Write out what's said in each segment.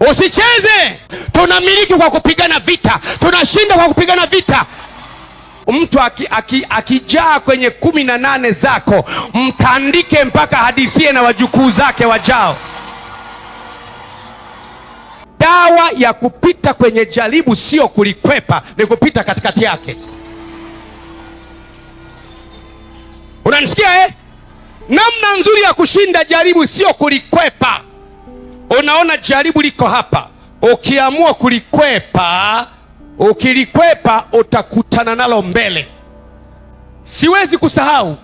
Usicheze. Tunamiliki kwa kupigana vita, tunashinda kwa kupigana vita. Mtu akijaa aki, aki kwenye kumi na nane zako mtandike mpaka hadithie na wajukuu zake wajao. Dawa ya kupita kwenye jaribu sio kulikwepa, ni kupita katikati yake. Unanisikia eh? Namna nzuri ya kushinda jaribu sio kulikwepa. Unaona, jaribu liko hapa. Ukiamua kulikwepa, ukilikwepa utakutana nalo mbele. Siwezi kusahau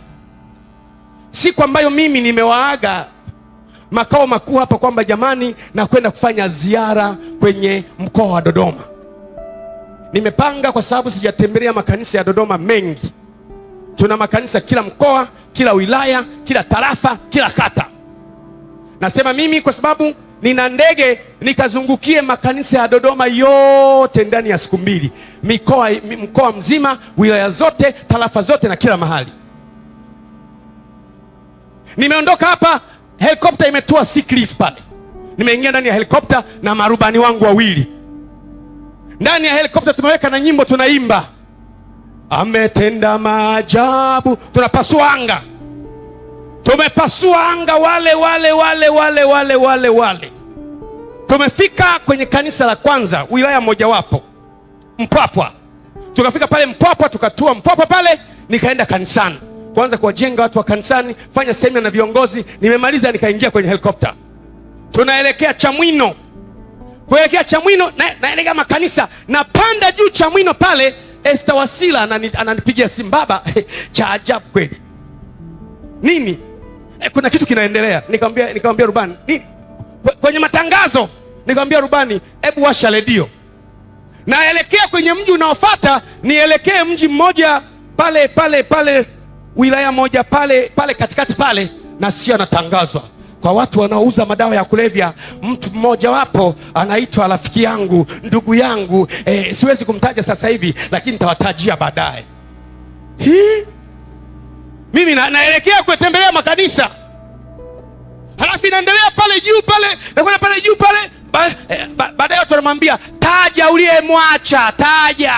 siku ambayo mimi nimewaaga makao makuu hapa kwamba jamani, nakwenda kufanya ziara kwenye mkoa wa Dodoma. Nimepanga kwa sababu sijatembelea makanisa ya Dodoma mengi. Tuna makanisa kila mkoa, kila wilaya, kila tarafa, kila kata. Nasema mimi kwa sababu nina ndege nikazungukie makanisa ya Dodoma yote ndani ya siku mbili, mikoa mkoa mzima, wilaya zote, tarafa zote na kila mahali. Nimeondoka hapa, helikopta imetua sick pale, nimeingia ndani ya helikopta na marubani wangu wawili ndani ya helikopta, tumeweka na nyimbo tunaimba, ametenda maajabu, tunapasua anga Tumepasua anga wale wale wale wale wale wale wale. Tumefika kwenye kanisa la kwanza wilaya mojawapo Mpwapwa, tukafika pale Mpwapwa, tukatua Mpwapwa pale, nikaenda kanisani kwanza kuwajenga watu wa kanisani, fanya semina na viongozi. Nimemaliza nikaingia kwenye helikopta, tunaelekea Chamwino. Kuelekea Chamwino na, naelekea makanisa, napanda juu Chamwino pale, Esther Wasila ananipigia simu, baba cha ajabu kweli nini eh, kuna kitu kinaendelea. Nikamwambia nikamwambia rubani ni, kwenye matangazo nikamwambia rubani, hebu washa redio. Naelekea kwenye mji unaofuata, nielekee mji mmoja pale pale pale wilaya moja pale pale katikati pale, nasikia anatangazwa kwa watu wanaouza madawa ya kulevya. Mtu mmoja wapo anaitwa rafiki yangu, ndugu yangu, eh, siwezi kumtaja sasa hivi, lakini nitawatajia baadaye hii mimi na, naelekea kutembelea makanisa halafu inaendelea pale juu pale nakwenda pale juu pale eh, baadaye ba, ba, watu wanamwambia taja uliyemwacha taja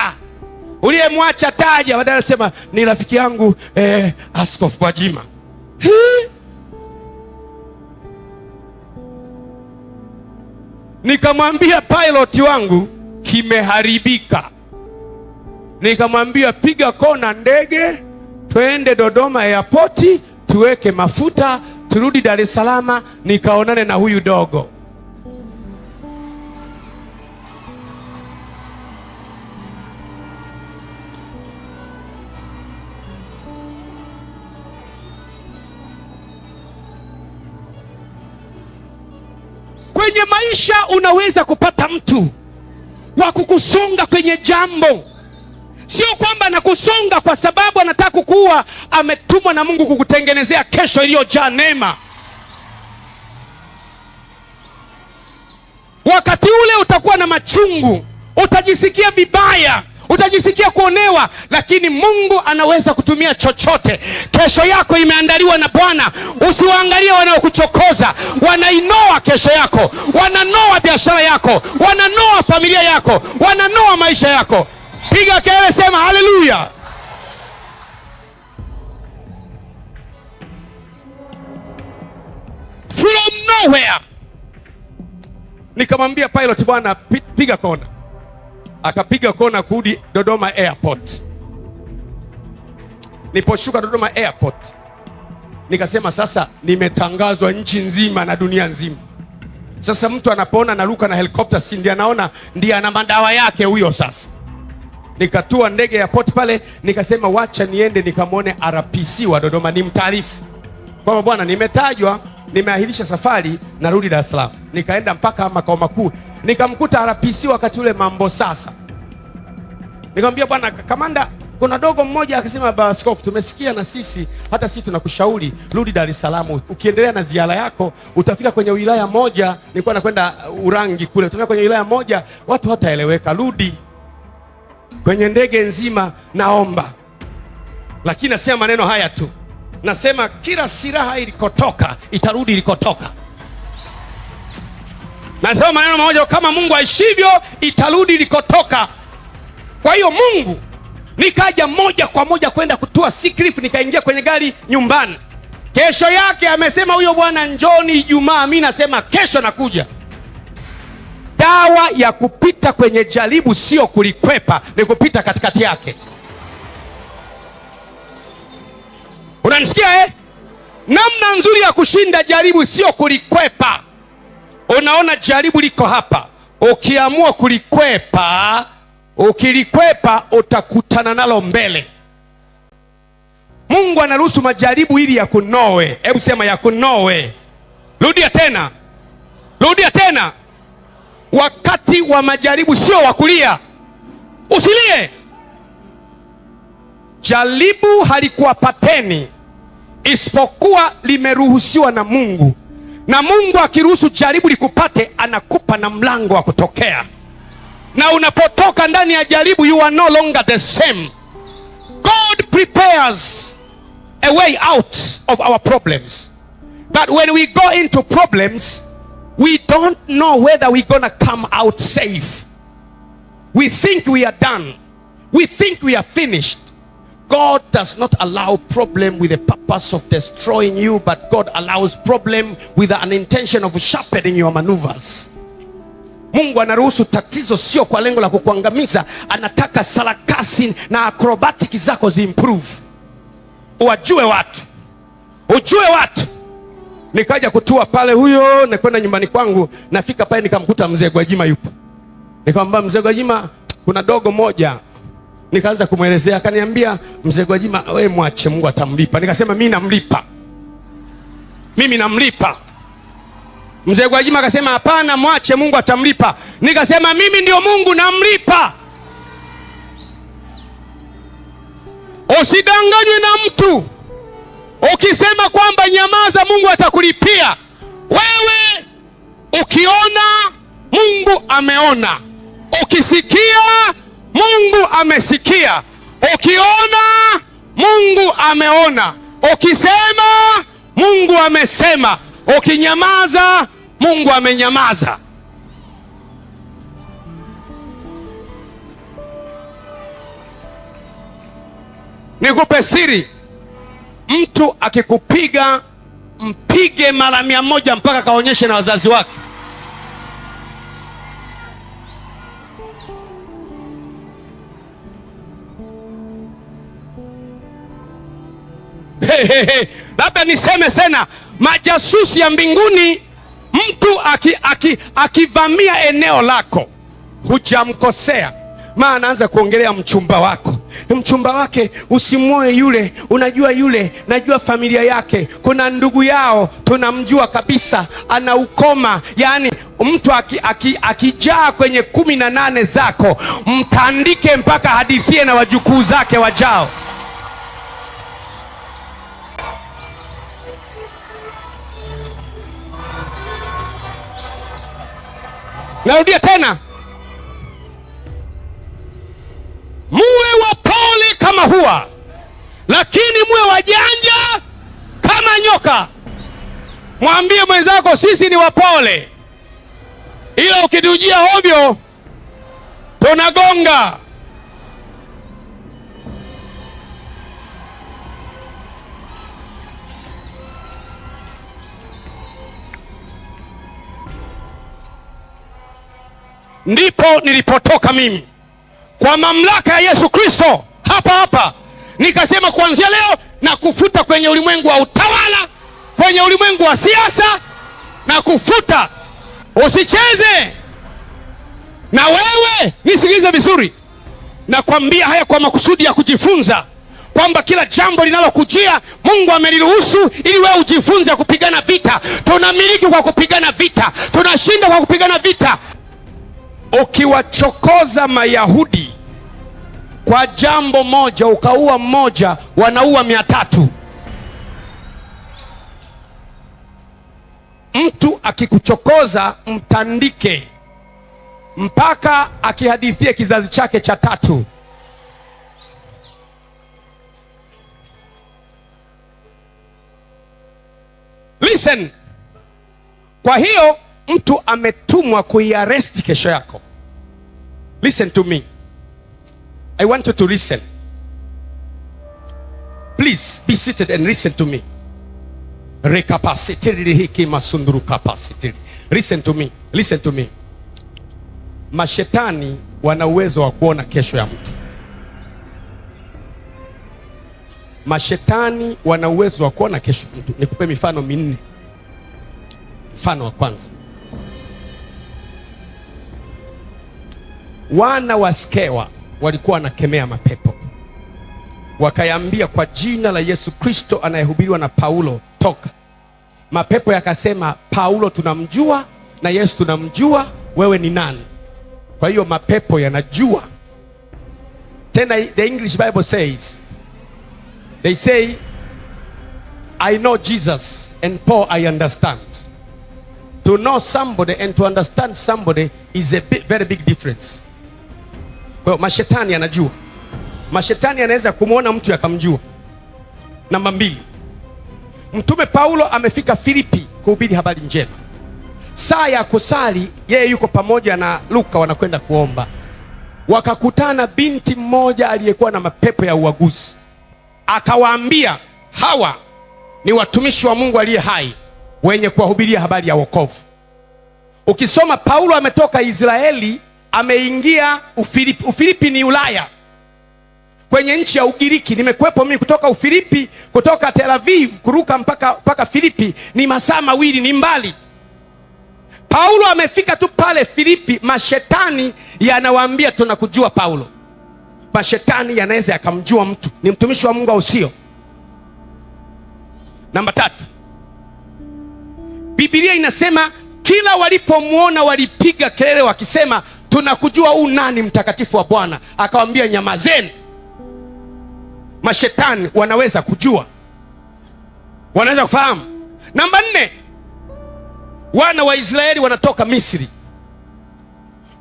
uliyemwacha taja baadaye anasema ni rafiki yangu eh, askofu Gwajima nikamwambia pilot wangu kimeharibika nikamwambia piga kona ndege twende Dodoma airport tuweke mafuta turudi Dar es Salaam nikaonane na huyu dogo. Kwenye maisha unaweza kupata mtu wa kukusonga kwenye jambo Sio kwamba anakusonga kwa sababu anataka kuwa ametumwa na Mungu kukutengenezea kesho iliyojaa neema. Wakati ule utakuwa na machungu, utajisikia vibaya, utajisikia kuonewa, lakini Mungu anaweza kutumia chochote. Kesho yako imeandaliwa na Bwana. Usiwaangalie wanaokuchokoza, wanainoa kesho yako, wananoa biashara yako, wananoa familia yako, wananoa maisha yako piga kelele, sema haleluya. From nowhere nikamwambia pilot, bwana piga kona. Akapiga kona kurudi Dodoma airport. Niposhuka Dodoma airport nikasema sasa, nimetangazwa nchi nzima na dunia nzima. Sasa mtu anapoona naruka na helikopta, si ndiye anaona ndiye ana madawa yake huyo sasa Nikatua ndege ya poti pale, nikasema wacha niende nikamwone RPC wa Dodoma, ni mtaarifu kwamba bwana, nimetajwa, nimeahirisha safari, narudi Dar es Salaam. Nikaenda mpaka makao makuu, nikamkuta RPC wakati ule mambo sasa. Nikamwambia bwana kamanda, kuna dogo mmoja akasema, baba askofu, tumesikia na sisi hata sisi tunakushauri rudi Dar es Salaam. Ukiendelea na ziara yako utafika kwenye wilaya moja, nilikuwa nakwenda Urangi kule, utafika kwenye wilaya moja watu hataeleweka, rudi kwenye ndege nzima naomba, lakini nasema maneno haya tu, nasema kila silaha ilikotoka itarudi ilikotoka. Nasema maneno mmoja, kama Mungu aishivyo, itarudi ilikotoka. Kwa hiyo Mungu, nikaja moja kwa moja kwenda kutua Sikrifu, nikaingia kwenye gari nyumbani. Kesho yake amesema huyo bwana, njoni Ijumaa. Mi nasema kesho nakuja dawa ya kupita kwenye jaribu sio kulikwepa, ni kupita katikati yake. Unanisikia eh? Namna nzuri ya kushinda jaribu sio kulikwepa. Unaona, jaribu liko hapa, ukiamua kulikwepa, ukilikwepa utakutana nalo mbele. Mungu anaruhusu majaribu ili yakunoe. Hebu sema yakunoe. Rudia tena, rudia tena. Wakati wa majaribu sio wa kulia, usilie. Jaribu halikuwapateni isipokuwa limeruhusiwa na Mungu, na Mungu akiruhusu jaribu likupate, anakupa na mlango wa kutokea, na unapotoka ndani ya jaribu, you are no longer the same. God prepares a way out of our problems, but when we go into problems We don't know whether we're gonna come out safe. We think we are done. We think we are finished. God does not allow problem with the purpose of destroying you, but God allows problem with an intention of sharpening your maneuvers. Mungu anaruhusu tatizo sio kwa lengo la kukuangamiza, anataka sarakasi na akrobatiki zako ziimprove. Uwajue watu, ujue watu Nikaja kutua pale huyo, nakwenda nyumbani kwangu, nafika pale nikamkuta mzee Gwajima yupo. Nikamwambia mzee Gwajima, kuna dogo moja. Nikaanza kumwelezea, akaniambia mzee Gwajima, wewe mwache, Mungu atamlipa. Nikasema mimi namlipa, mimi namlipa. Mzee Gwajima akasema hapana, mwache, Mungu atamlipa. Nikasema mimi ndio Mungu, namlipa. Usidanganywe na mtu. Ukisema kwamba nyamaza, Mungu atakulipia wewe. Ukiona, Mungu ameona. Ukisikia, Mungu amesikia. Ukiona, Mungu ameona. Ukisema, Mungu amesema. Ukinyamaza, Mungu amenyamaza. Nikupe siri Mtu akikupiga mpige mara mia moja mpaka kaonyeshe na wazazi wake. Labda niseme tena, majasusi ya mbinguni, mtu akivamia aki, aki eneo lako hujamkosea, maana anaanza kuongelea mchumba wako mchumba wake usimwoe yule, unajua yule, najua familia yake, kuna ndugu yao tunamjua kabisa ana ukoma. Yaani mtu akijaa aki, aki kwenye kumi na nane zako, mtandike mpaka hadithie na wajukuu zake wajao. Narudia tena muwe wapole kama hua, lakini muwe wajanja kama nyoka. Mwambie mwenzako sisi ni wapole, ila ukitujia ovyo tunagonga. Ndipo nilipotoka mimi kwa mamlaka ya Yesu Kristo hapa hapa, nikasema kuanzia leo na kufuta kwenye ulimwengu wa utawala, kwenye ulimwengu wa siasa na kufuta. Usicheze na wewe, nisikilize vizuri, nakwambia haya kwa makusudi ya kujifunza kwamba kila jambo linalokujia Mungu ameliruhusu ili wewe ujifunze kupigana vita. Tunamiliki kwa kupigana vita, tunashinda kwa kupigana vita ukiwachokoza Mayahudi kwa jambo moja, ukaua mmoja, wanaua mia tatu. Mtu akikuchokoza mtandike mpaka akihadithie kizazi chake cha tatu. Listen. Kwa hiyo mtu ametumwa kuiaresti kesho yako. Listen to me, I want you to listen. Please be seated and listen to me. Recapacitiri hiki masunduru Listen to me, listen to me. Mashetani wana uwezo wa kuona kesho ya mtu. Mashetani wana uwezo wa kuona kesho ya mtu. Nikupe mifano minne. Mfano wa kwanza Wana wa Skewa walikuwa wanakemea mapepo, wakayambia kwa jina la Yesu Kristo anayehubiriwa na Paulo, toka. Mapepo yakasema, Paulo tunamjua na Yesu tunamjua, wewe ni nani? Kwa hiyo mapepo yanajua tena. The English Bible says they say I know Jesus and Paul I understand. To know somebody and to understand somebody is a big, very big difference. Kwa hiyo mashetani anajua, mashetani anaweza kumwona mtu akamjua. Namba mbili, Mtume Paulo amefika Filipi kuhubiri habari njema. Saa ya kusali, yeye yuko pamoja na Luka, wanakwenda kuomba, wakakutana binti mmoja aliyekuwa na mapepo ya uaguzi. Akawaambia, hawa ni watumishi wa Mungu aliye hai wenye kuwahubiria habari ya wokovu. Ukisoma Paulo ametoka Israeli ameingia Ufilipi. Ufilipi ni Ulaya, kwenye nchi ya Ugiriki. Nimekuwepo mimi kutoka Ufilipi, kutoka Tel Aviv kuruka mpaka, mpaka Filipi ni masaa mawili, ni mbali. Paulo amefika tu pale Filipi, mashetani yanawaambia tunakujua Paulo. Mashetani yanaweza yakamjua mtu ni mtumishi wa Mungu au sio? Namba tatu, Biblia inasema kila walipomwona walipiga kelele wakisema tunakujua huu nani mtakatifu wa Bwana. Akawambia, nyamazeni. Mashetani wanaweza kujua, wanaweza kufahamu. Namba nne, wana wa Israeli wanatoka Misri,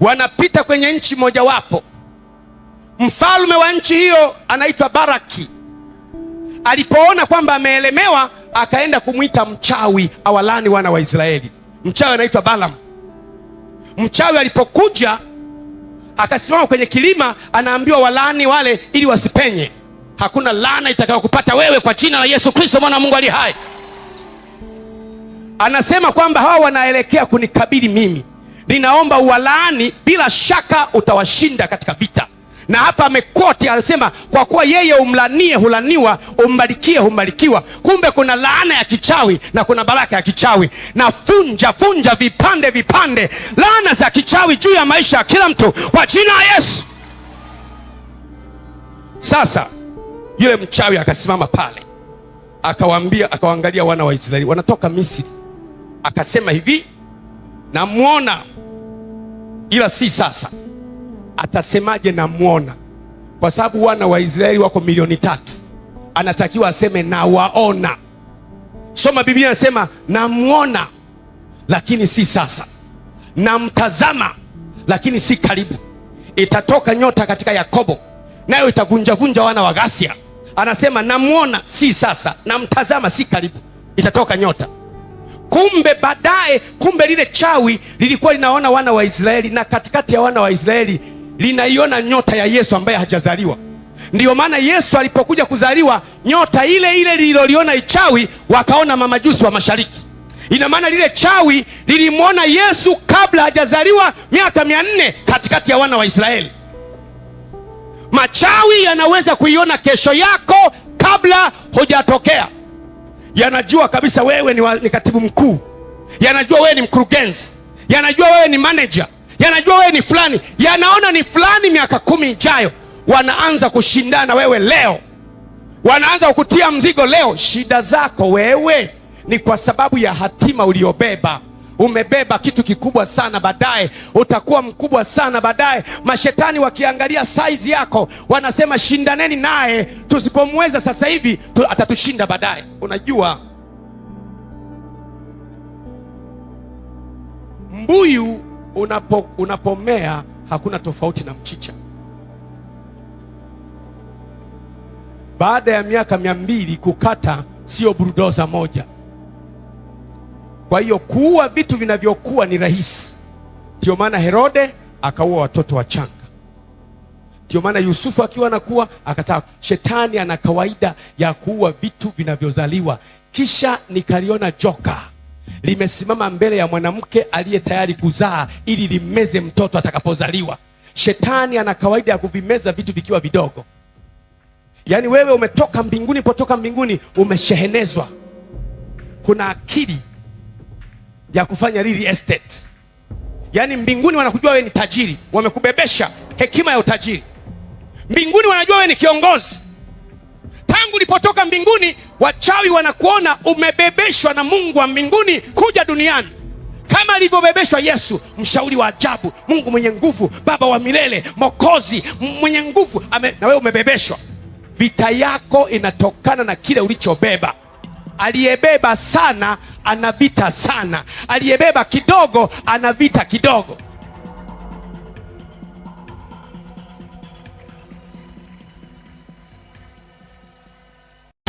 wanapita kwenye nchi mojawapo. Mfalme wa nchi hiyo anaitwa Baraki. Alipoona kwamba ameelemewa, akaenda kumwita mchawi awalani wana wa Israeli. Mchawi anaitwa Balaam. Mchawi alipokuja akasimama kwenye kilima, anaambiwa walaani wale ili wasipenye. Hakuna laana itakayokupata wewe kwa jina la Yesu Kristo, mwana wa Mungu ali hai. Anasema kwamba hawa wanaelekea kunikabili mimi, ninaomba uwalaani, bila shaka utawashinda katika vita na hapa amekoti anasema, kwa kuwa yeye umlanie hulaniwa, umbarikie humbarikiwa. Kumbe kuna laana ya kichawi na kuna baraka ya kichawi, na funja funja vipande vipande laana za kichawi juu ya maisha ya kila mtu kwa jina la Yesu. Sasa yule mchawi akasimama pale, akawaambia, akawaangalia wana wa Israeli wanatoka Misri, akasema hivi, namwona ila si sasa atasemaje namwona? Kwa sababu wana wa Israeli wako milioni tatu, anatakiwa aseme nawaona. Soma Biblia, anasema namwona, lakini si sasa, namtazama, lakini si karibu. Itatoka nyota katika Yakobo, nayo itavunjavunja wana wa ghasia. Anasema namwona, si sasa, namtazama, si karibu, itatoka nyota. Kumbe baadaye, kumbe lile chawi lilikuwa linaona wana wa Israeli, na katikati ya wana wa Israeli linaiona nyota ya Yesu ambaye hajazaliwa. Ndiyo maana Yesu alipokuja kuzaliwa, nyota ile ile lililoliona ichawi wakaona mamajusi wa mashariki. Ina maana lile chawi lilimwona Yesu kabla hajazaliwa miaka mia nne katikati ya wana wa Israeli. Machawi yanaweza kuiona kesho yako kabla hujatokea. Yanajua kabisa wewe ni, wa, ni katibu mkuu, yanajua wewe ni mkurugenzi, yanajua wewe ni manager yanajua wewe ni fulani, yanaona ni fulani. Miaka kumi ijayo wanaanza kushindana wewe leo, wanaanza kukutia mzigo leo. Shida zako wewe ni kwa sababu ya hatima uliyobeba. Umebeba kitu kikubwa sana, baadaye utakuwa mkubwa sana baadaye. Mashetani wakiangalia saizi yako wanasema shindaneni naye, tusipomweza sasa hivi atatushinda baadaye. Unajua mbuyu unapo, unapomea hakuna tofauti na mchicha. Baada ya miaka mia mbili kukata sio burudoza moja. Kwa hiyo kuua vitu vinavyokuwa ni rahisi. Ndio maana Herode akaua watoto wachanga. ndio maana Yusufu akiwa anakuwa akataka. Shetani ana kawaida ya kuua vitu vinavyozaliwa. Kisha nikaliona joka limesimama mbele ya mwanamke aliye tayari kuzaa ili limmeze mtoto atakapozaliwa. Shetani ana kawaida ya kuvimeza vitu vikiwa vidogo. Yaani wewe umetoka mbinguni, potoka mbinguni umeshehenezwa, kuna akili ya kufanya real estate. Yaani mbinguni wanakujua wewe ni tajiri, wamekubebesha hekima ya utajiri. Mbinguni wanajua wewe ni kiongozi Mungu ulipotoka mbinguni, wachawi wanakuona umebebeshwa na Mungu wa mbinguni kuja duniani kama alivyobebeshwa Yesu, mshauri wa ajabu, Mungu mwenye nguvu, Baba wa milele, Mwokozi mwenye nguvu ame, na wewe umebebeshwa. Vita yako inatokana na kile ulichobeba. Aliyebeba sana ana vita sana, aliyebeba kidogo ana vita kidogo.